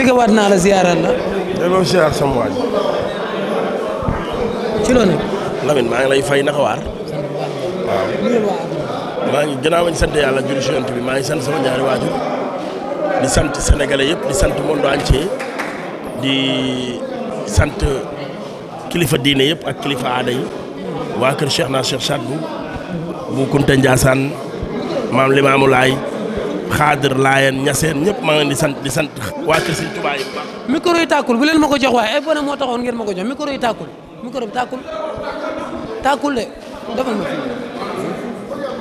bëgg waat naa la ziaral la. delloo ziar sama waaj. ci loolu nag. Lamine maa ngi lay fay naka waar. maa ngi gannaaw ma ñu sant yàlla julli si yonent bi maa ngi sant sama ñaari waajur di sant sénégalais yëpp di sant monde entier di sant kilifa diine yëpp ak kilifa aada yi waa kër Cheikh naa Cheikh Saad bu Kounta Ndiassane maam Limaamu Laay xaadir laayeen ñaseen ñëpp maa ngi leen di sant di sant waa kër Sëñ Tuubaa yi bu baax. micro yi tàkkul ko jox waaye ay bonheur moo taxoon ngeen ma ko jox micro de defal ma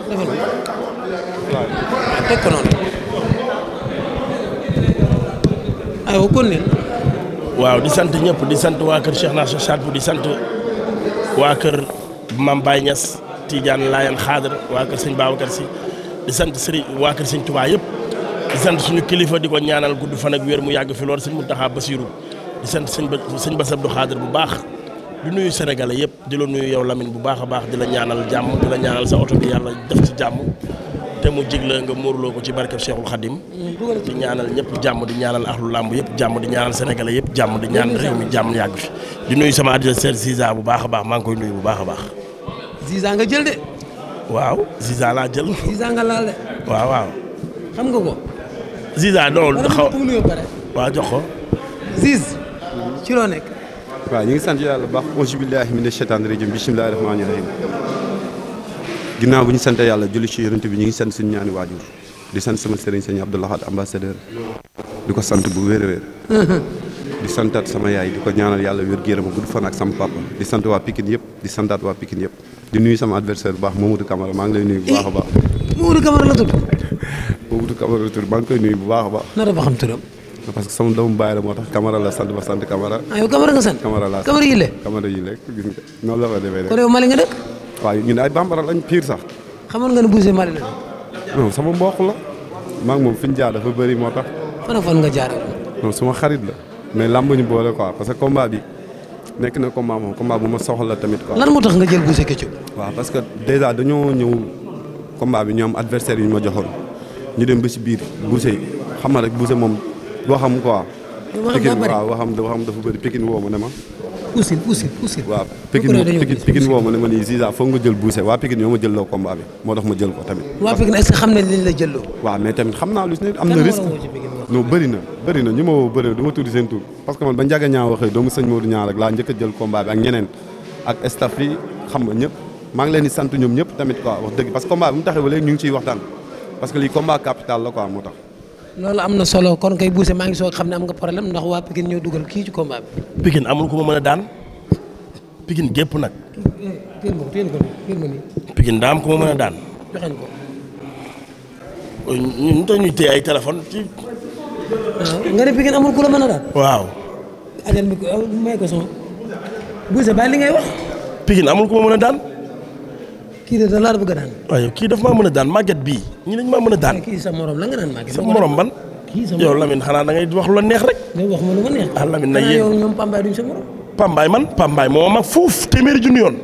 defal ma teg ko noonu aywa kon ne. waaw di sant ñëpp di sant waa kër Cheikh Nassir Sadbou di sant waa kër Mame Baye Niass Tidiane Laayeen xaadir waa Si. di sant sëriñ waa kër sëñ Tuubaa yëpp di sant suñu kilifa di ko ñaanal gudd fan ak wér mu yàgg fi lool sëñ Muntaxa Basiiru di sant sëñ ba sëñ Bass Abdou Khadre bu baax di nuyu sénégalais yëpp di la nuyu yow Lamine bu baax a baax di la ñaanal jàmm di la ñaanal sa oto bi yàlla def ci jàmm te mu jig la nga muurloo ko ci barkeb Cheikhul Khadim di ñaanal ñëpp jàmm di ñaanal ahlu làmb yëpp jàmm di ñaanal sénégalais yëpp jàmm di ñaan réew mi jàmm yàgg fi di nuyu sama adversaire Ziza bu baax baax maa ngi koy nuyu bu baax a baax waaw Ziza laa jël. Ziza nga laal de. waaw waaw. xam nga ko. Ziza non xaw waaw jox ko. Ziz. ci loo nekk. waaw ñu ngi sant yàlla bu baax auzu billaahi mina shaytaani rajiim bismillaahi rahmaani rahiim ginnaaw bu ñu sant yàlla julli ci yonent bi ñu ngi sant suñu ñaani waajur di sant sama sëriñ sëñ Abdou Lahad ambassadeur di ko sant bu wér a wér di santaat sama yaay di ko ñaanal yàlla wér-gu-yaram gudd fan ak sama papa di sant waa Pikine yëpp di santaat waa Pikine di nuyu sama adversaire bu baax Mamadou Camara maa ngi lay nuyu bu baax a baax. Eh, Mamadou Camara la tudd. Mamadou Camara la tudd maa ngi koy nuyu bu baax a baax. nar ba xam turam. parce que sama doomu baay la moo tax Camara la sant ba sant Camara. ah yow Camara nga sant. Camara laa sant Camara yi lekk. Camara yi noonu la fa demee rek. kon yow Mali nga dëkk. waaw lañ pire sax. xamoon nga ne Boucher Mali la. sama mbokk la. maa ngi moom ñu jaar dafa bëri moo tax. fan nga jaar. suma xarit la. mais làmb ñu boole ko parce que combat bi nekk na combat moom combat bu ma soxla tamit quoi. lan moo tax nga jël Boucher Ketchup. waaw parce que déjà dañoo ñëw combat bi ñu am adversaire yi ma joxoon ñu dem ba si biir Boucher xam na rek Boucher moom waxam quoi. waxam daa bëri Pikine waaw waxam dafa bëri Pikine woo ma ne ma. Oussine Oussine Oussine. waaw Pikine Pikine woo ma ne ma nii Ziza foog nga jël buuse waa Pikine ñoo ma jëlloo combat bi moo tax ma jël ko tamit. waa Pikine est-ce que xam nañ liñ la jëlloo. waaw mais tamit xam naa lu si ne am na risque non bëri na bëri na ñu ma woo bëri na du ma tuddi seen tur parce que man ba Ndiaga ñaa waxee doomu sëñ Modou ñaa rek laa njëkk a jël combat bi ak ñeneen ak staff yi xam nga ñëpp maa ngi leen di sant ñoom ñëpp tamit quoi wax dëgg parce que ngi ciy waxtaan parce que lii combat loolu am na solo kon kay buuse maa ngi soog xam ne am nga problème ndax waa Pikine ñoo dugal kii ci combat bi. Pikine amul ku a daan Pikine gépp nag. teel ko teel ko Pikine daa am ku ma mën a daan. joxañ ko. ñu tax ñuy ah, la mën a daan. waaw. ajal mi ko ah, may ko son buuse ba li ngay wax. Pikine amul ku ma mën a daan. kii de da laa bëgg a daan. waaye kii daf maa mën a daan màgget bii ñi dañ maa mën a daan. sa morom la nga yow Lamine xanaa da ngay wax la neex rek. day wax ah, Pambaay man Pambaay moo mag fuuf téeméeri junni yoon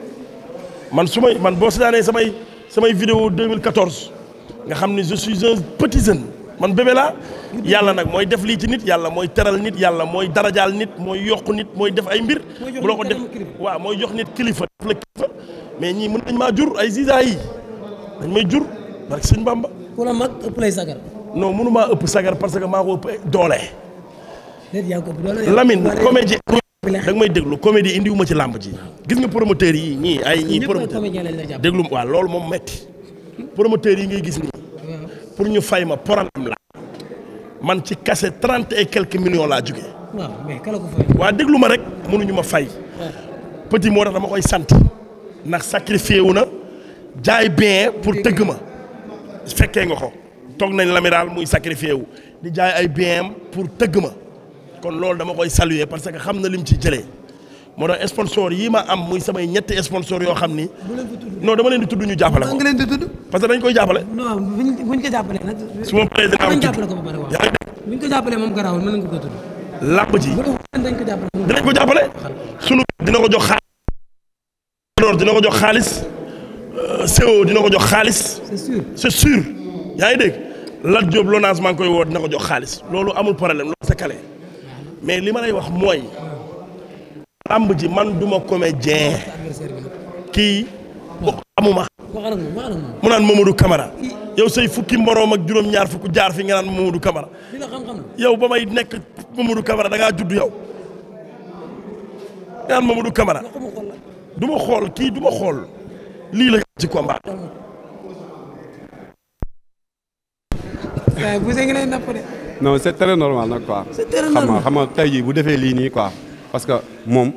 man su may man boo seetaanee samay samay vidéo 2014 nga xam ne je suis un petit man bébé laa yàlla nag mooy def lii ci nit yàlla mooy teral nit yàlla mooy darajaal nit mooy yokk nit mooy def ay mbir. bu la ko def waaw mooy jox nit kilifa mais ñii mën nañ maa jur ay ziza yi dañ may jur barke sëñ Bamba. ku la mag ëpp lay sagar. mënu maa ëpp sagar parce que maa ko ëpp doole. Lamine comédie da nga may déglu comédie indiwuma ci làmb ji gis nga promoteurs yi ñii ay ñii promoteur déglu waaw loolu moom metti promoteurs yi ngay gis nii pour ñu fay ma problème la man ci kase trente et quelques millions laa jóge waa déglu ma rek mënuñu ma fay petit moo tax dama koy sant ndax sacrifié wu na jaay bien pour tëgg ma fekkee nga ko toog nañ Lamine muy sacrifié wu di jaay ay bien pour tëgg ma kon loolu dama koy saluer parce que xam na lim ci jëlee moo tax sponsor yi ma am muy samay ñetti sponsor yoo xam ni. non dama leen di tudd ñu jàppale ah, ko. nga leen parce que dañ koy jàppale. ko jàppalee nag. su ma paree dinaa ko jàppale ko ba pare waaw. yaa dina ko jox xaar Clédor dina ko jox xaalis CO dina ko jox xaalis. c'est sûr c'est sûr yaa ngi dégg Lat Diop maa ngi koy woo dina ko jox xaalis loolu amul problème loolu c'est calé mais li ma lay wax mooy làmb ji man duma comédien kii amuma mu naan Mamadou Camara yow say fukki moroom ak juróom-ñaar fukk jaar fi nga naan Mamadou Camara yow ba may nekk Mamadou Camara da ngaa judd yow nga naan Mamadou Camara du ma xool kii du ma xool lii la ci combat. waaw bu see ngay napp de. c'est très normal nag quoi. xam nga xam nga tey jii bu defee lii nii quoi parce que moom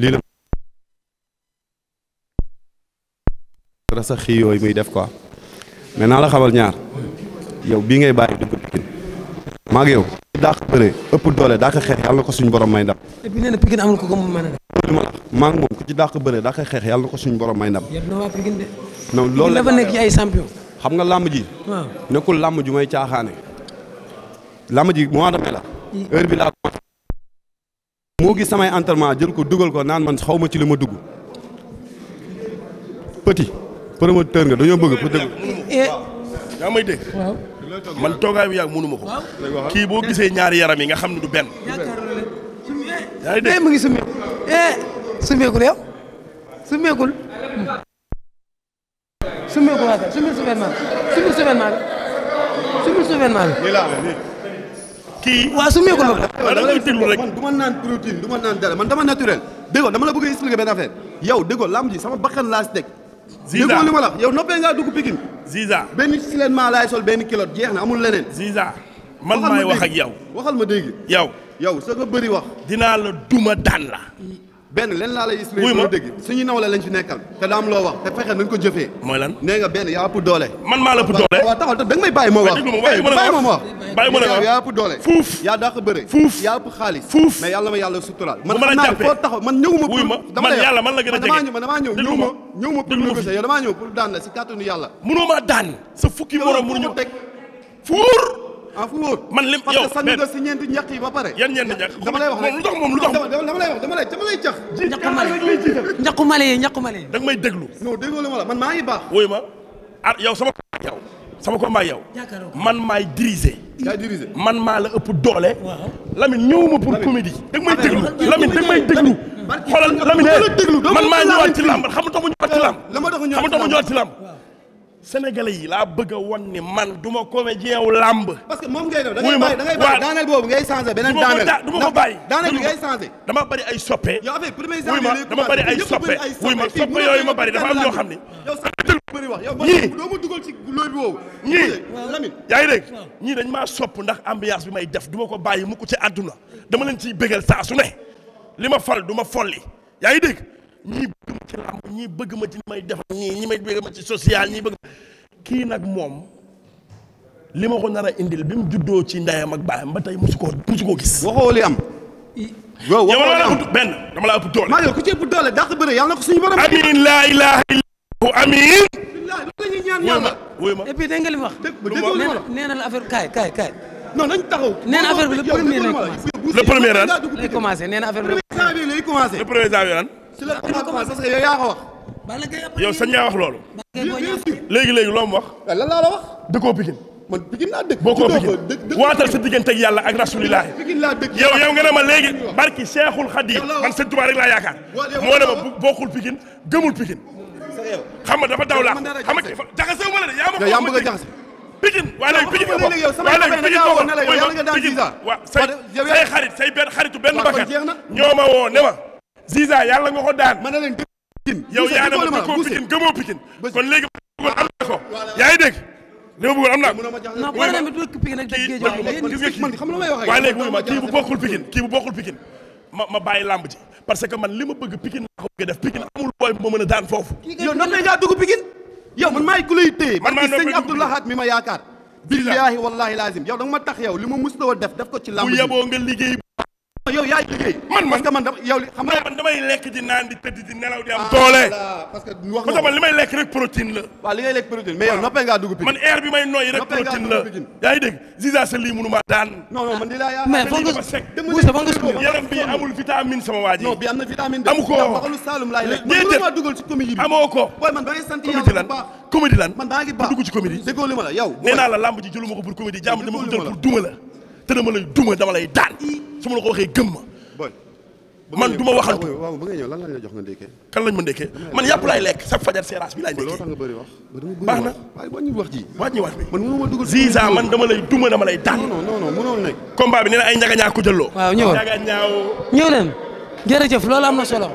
lii la. dara sa xii yooyu muy def quoi mais naa la xamal ñaar yow bii ngay bàyyi dugg Pikine maa ak yow. dàq bëre ëpp doole dàq xeex yàlla na ko suñu borom may ndam. te na Pikine amul ko ko mu mën a. ma maa ngi moom ku ci dàq bëre dàq xeex yàlla na ko suñu borom may ndam. yàlla na waa Pikine de. non la xam nga làmb ji. nekkul làmb ju may caaxaane. làmb ji mois de mai la. heure bi laa commencé. moo gis samay entraînement jël ko dugal ko naan man xaw ma ci li ma dugg. petit promoteur nga dañoo bëgg pour dëgg. Eh, yaa may dégg. man toogaay bi yàgg mënu ma ko. kii boo gisee ñaari yaram yi nga xam ne du benn. Eh. yaa ngi dégg eh, mu ngi summeeku eh, summeekul yow summeekul. summeekul waaw kay summi naan dara man dama naturel. déggoo dama la bëgg a expliquer benn affaire yow déggoo lamb ji sama bakkan laa teg. ziza li ma la yow noppee ngaa dugg Pikine. Ziza. benn silenement laay sol benn kilo jeex na amul leneen. Ziza man maay wax ak yow. waxal ma dégg yow. yow sa nga bëri wax. dinaa la duma daan la. benn lenn laa lay expliqué. ma dégg suñu nawle lañ fi nekkal. te daam loo wax te fexe nañ ko jëfee. lan nee nga benn yaa ëpp doole. man maa la ëpp doole waaw taxaw da may bàyyi eh, ma wax. bàyyi ma la wax bàyyi ma la wax yaa yàlla ma yàlla suturaal. man xam naa foo taxaw man ñëwuma. wuy ma man yàlla man la gën a jege dama damaa ñëw ñëwuma. ñëwuma pour négocier daan la si kàttanu yàlla. mënoo maa daan sa fukki morom mënuñu teg fuur ah fu wóor man lim yow parce que sañ nga si ñeenti ñax yi ba pare. yan ñeenti ñax dama lay wax rek moom lu tax moom lu tax dama lay wax dama lay dama lay cax. ji kaar rek lay jiital ñaxumale yi ñaxumale yi. da nga may déglu. non déggoo la ma la man maa ngi baax. wóoy ma ah yow sama. yow sama combat yow. man maay diriger. yaa diriger man maa la ëpp doole. waaw Lamine ñëwuma pour comédie. da nga may déglu Lamine da nga may déglu. xoolal Lamine man maa ñëwaat ci làmb xam nga tax mu ñëwaat ci làmb. xam nga tax mu ñëwaat ci làmb sénégale yi laa bëgg a won ni man du ma comédien làmb. parce que moom ko bàyyi daaneel bi ngay changé. dama bëri ay soppe. yow affaire premier genre ma dama bëri ay soppe wuy ma soppe yooyu ma bëri dafa am ñoo xam ni. ñii doo yaa ngi dégg ñii dañ maa sopp ndax ambiance bi may def du ma ko bàyyi mukk ci àdduna dama leen ciy béggal saa su ne li ma fal du ma folli yaa ngi dégg ñii bëgg ma ci làmb bëgg ma ci may defar ñii ñi may bëgg ma ci social ñii bëgg kii nag moom li ma ko nar a indil bi mu juddoo ci ndeyam ak baayam ba tey musu koo musu koo gis. waxoo li am. yow waxoo am benn dama la ëpp doole. maa ku ci ëpp doole dàq na ko suñu laa ilaaha illallah amiin. wóoy ma wóoy la affaire kaay kaay kaay. non dañ taxaw. nee na affaire bi le premier lay commencé. le premier lan lay commencé bi le premier janvier lay commencé. le si la parce que yow yaa ko wax. yow sañ ngaa wax loolu. léegi léegi loo mu wax. Ah, lan la wax. dëkkoo Pikine. man Pikine laa dëkk. boo ko Pikine sa digganteeg yàlla ak rasulillah. yow yow nga ne ma léegi barki Seexul Xadiim man sëñ Tuubaa rek laa yaakaar. moo ne ma bokkul Pikine gëmul Pikine. xam nga dafa daw laa xam nga jaxase ma la de yaa ma ko Pikine waaye léegi Pikine nga bokk waaye léegi Pikine nga bokk mooy ma benn xaritu benn woo ne Ziza yàlla nga ko daan. ma leen Pikine. yow yaa ne kon léegi ko. yaa ngi li ma bëggoon am naa ko. non problème bi du kii bu bokkul Pikine kii bu bokkul Pikine ma ma bàyyi ji parce que man li ma bëgg Pikine laa bëgg def Pikine amul booy ma mën a daan foofu. yow nan la ngaa dugg Pikine. yow man maay ku lay téye. man maa sëñ Abdou Lahad mi ma yaakaar. billaahi wallaahi laazim yow da nga ma tax yow li ma mus def def ko ci làmb ji bu yeboo nga liggéey yow yaa liggéey man damay lekk di naan di tëdd di nelaw di am ah, doole man li may lekk rek protéine la man air bi may nooyi rek protéine la yaa ngi dégg sa lii mënu ma daan man di laa yaa mais foog nga sec yaram bi amul vitamine sama waa ji non bi am na vitamine amu ko baxalu Saloum lan comédie lan man maa ngi baax dugg ci comédie déggoo li ma la yow naa la lamb ji jëluma ko pour comédie jàmm dama ko duma la tërëma lay duma dama lay daan su ma la ko waxee gëm ma man du ma waxantu waaw ba nga ñëw la jox nga ndékkee kan lañ ma ndékkee man yàpp laay lekk sa fajar seeraas bi laay ndékkee baax na wàññi wax ji wàññi wax bi man dama lay duma dama lay daan non non non mënoo ay njaga ñaa ko jëlloo waaw jërëjëf loolu am na solo.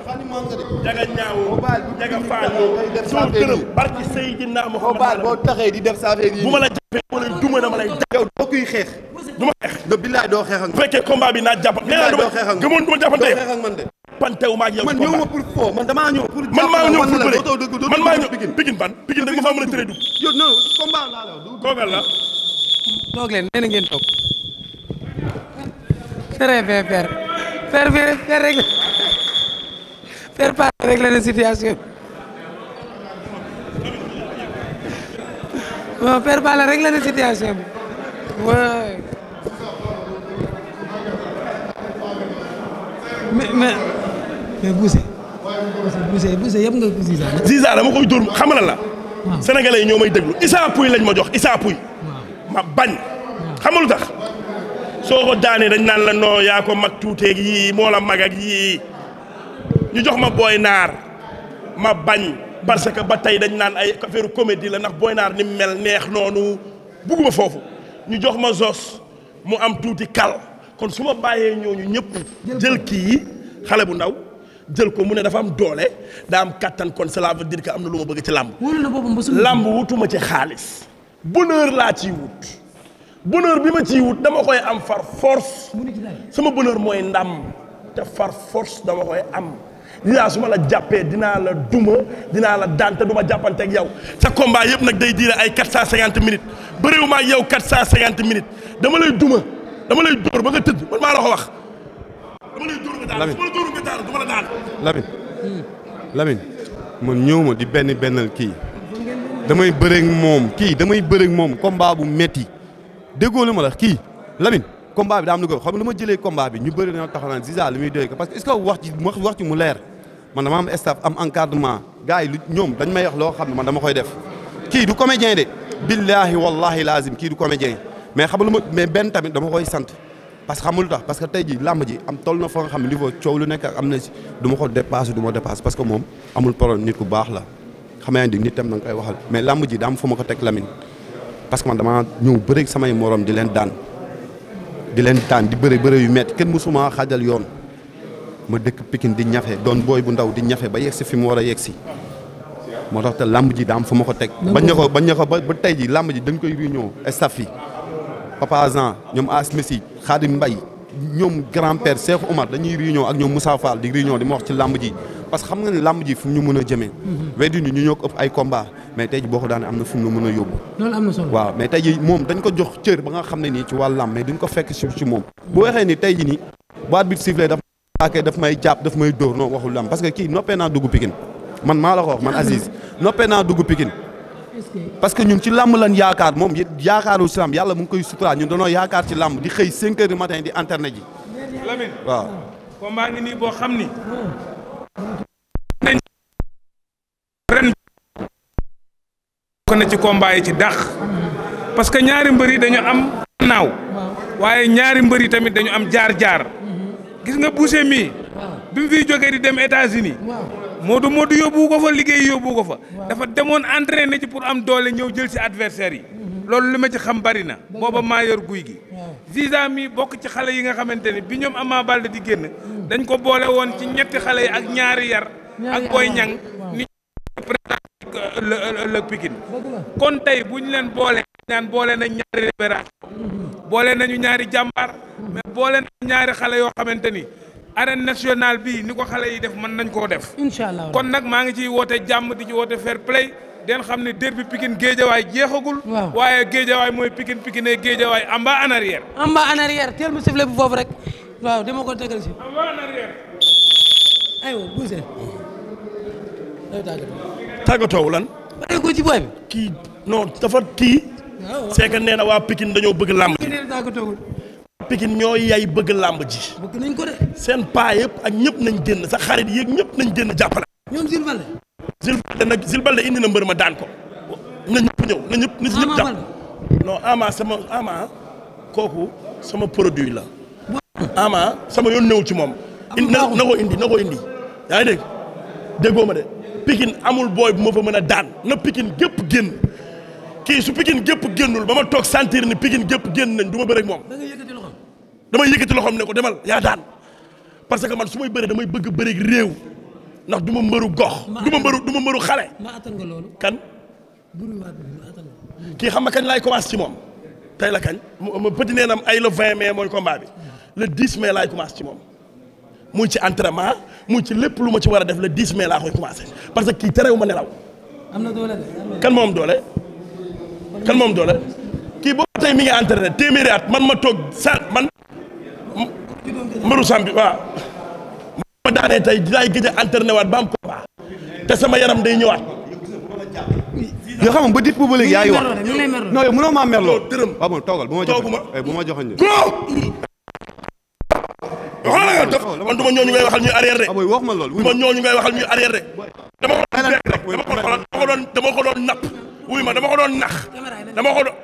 jaga ñaaw jaga faañoo barki Seydina Muhammad boo taxee di def sa affaire yi bu ma la jàppee wala duma dama doo kuy xeex. du ma xeex. do billaay doo xeex ak. bu fekkee combat bi ma jàppante man de. pantew ma ak ma pour foo man damaa ñëw. pour jàpp man man a tëree dugg. yow non combat leen nee ngeen toog. très bien faire faire régler faire pas régler bi situation waaw faire la régler la situation waaw mais mais mais Bousse Bousse Bousse yëpp nga ko Ziza. Ziza dama koy dóor xam nga la. waaw sénégalais may déglu Issa Pouye lañ ma jox Issa Pouye. ma bañ. xam tax. soo ko daanee dañ naan la noo yaa ko mag tuuteeg yii moo la mag ak yii ñu jox ma booy naar ma bañ parce que ba tey dañ naan ay affaire comédie la ndax booy naar ni mu mel neex noonu bugguma foofu ñu jox ma sos mu am tuuti kal kon su ma bàyyee ñooñu ñëpp jël kii xale bu ndaw jël ko mu ne dafa am doole daa am kattan kon cela veut dire que am na lu ma bëgg ci làmb làmb wutuma ci xaalis bonheur laa ciy wut bonheur bi ma ciy wut dama koy am far force sama bonheur mooy ndam te far force dama koy am dinaa su ma la jàppee dinaa la duma dinaa la daan te du ma jàppante ak yow sa combat yëpp nag day diire ay 450 minutes bëriwu ma ak yow 450 minutes dama lay duma dama lay dóor ba nga tëdd man maa la ko wax. dama lay hmm. man ñëw ma di benn bennal kii damay bëreeg moom kii damay bëreeg moom combat bu metti déggoo lu ma la kii Lamine combat bi daa am lu ko xam ma jëlee combat bi ñu bëri dañoo taxaw naan Ziza li muy dégg parce que est que wax mu leer man dama am staff am encadrement gars yi lu may wax loo xam ne man dama koy def kii du comédien de billahi wallahi lazim kii du comédien mais xam lu ma mais benn tamit dama koy sant parce que xamul tax parce que tey ji làmb ji am toll na fa nga xam ne niveau coow lu nekk ak am na si du ma ko dépassé du ma dépassé parce que moom amul problème nit ku baax la xam nga na nga koy waxal mais làmb ji daa am fu ko teg Lamine parce que man dama ñëw bëri samay morom di leen daan di leen daan di bëri bëri yu metti kenn mësuma xaajal yoon ma dëkk Pikine di ñafe doon booy bu ndaw di ñafe ba yegg si fi mu war a yegg si moo tax te làmb ji daam fu ma ko teg. bañ na bañ na ba ba tey ji làmb ji dañ koy réunion staff yi Papa ñoom As Messi Khadim mbay ñoom grand père Cheikh Omar dañuy réunion ak ñoom Moussa Fall di réunion di ma wax ci làmb ji. parce que xam nga ni làmb ji fu ñu mën a jëmee. Mhm. weddi ñu ñu ñoo ay combat mais tey boo am na a xam ne nii ci wàllu làmb mais duñ ko fekk si ci moom. bu waxee may daf may jàpp daf may naa dugg Pikine man maa la ko wax man Aziz ci làmb lan yaakaar moom yaakaaru si làmb yàlla mu ngi koy sutura ñun danoo yaakaar ci làmb nii boo xam ni bokk na ci combat yi ci dàq parce que ñaari mbër yi dañu am naaw waaye ñaari mbër yi tamit dañu am jaar-jaar gis nga Boucher mii bi mu fiy jógee di dem États-Unis Modou Modou yóbbu ko fa liggéey yóbbu ko fa dafa demoon entraîné ci pour am doole ñëw jël si adversaire yi loolu li ma ci xam bari na booba maa yor guy gi visa mi bokk ci xale yi nga xamante ne bi ñoom Ama Baldé di génn dañ ko boole woon ci ñetti xale yi ak ñaari yar ak Boy ëllëg Pikine kon tey bu ñu leen boole naan boole nañ ñaari libération boole nañu ñaari jàmbaar mais boole nañu ñaari xale yoo xamante ni arène national bi ni ko xale yi def mën nañ koo def incha allah kon nag maa ngi ciy woote jàmm di ci woote fair play den xam ne derbi Pikine géejawaay jeexagul waaye géejawaay mooy Pikine Pikine géejawaay amba en arrière amba en arrière teel mu sifflé bu foofu rek waaw dama ko tegal si amba en tàggatoo lan. tàggatoo ci booy kii non dafa kii. Ah, waaw nee na waa Pikine dañoo bëgg làmb ji. waa Pikine ñoo yay bëgg làmb ji. bëgg nañ ko seen paa yëpp ak ñëpp nañ génn sa xarit yéeg ñëpp nañ génn jàppale. ñoom Zil Balde. Zil nag Zil Balde indi na mbër ma daan ko. na ñëpp ñëw na ñëpp. na si ñëpp jàpp non ama sama ama kooku sama produit la. ama sama yoon néew ci moom. na ko indi na ko indi yaa ngi dégg déggoo ma de. Pikine amul booy bu ma fa mën a daan na Pikine gépp génn kii su Pikine gépp génnul ba ma toog sentir ni Pikine gépp génn nañ du ma bëre ak moom. damay yëkkati loxoom ne ko demal yaa daan parce que man su may bëree damay bëgg a réew ndax du ma mbëru gox. du ma mbëru du ma mbëru xale. kan. kii xam nga kañ laay commencé ci moom tey la kañ ma petit neenam ay le 20 mai mooy combat bi le 10 mais laay commencé ci moom muy ci entraînement. mu ci lépp lu ma ci war a def le 10 mais laa koy commencé parce que kii terew ma nelaw. am na doole kan moom doole. kan moom doole kii boobu tey mi ngi entraîné téeméeri at man ma toog sa man. mbaru sam bi waaw. ma daanee tey dinaay gëj a entraîné waat ba am combat te sama yaram day ñëwaat. yoo xam ba dit boobu léegi yaa ngi wax. non yow mënoo maa merloo. dërëm waaw moom toogal bu ma joxoon. bu waxal la nga def man du ma ñooñu ngay waxal ñuy arrière de. Ah du ma ñooñu ngay waxal ñuy arrière de. dama ko doon rek dama ko doon dama ko doon napp wuy ma dama ko doon nax dama ko doon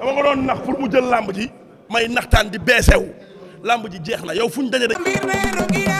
dama ko doon nax pour mu jël làmb ji may naxtaan di beesew làmb ji jeex na yow fu ñu daje de.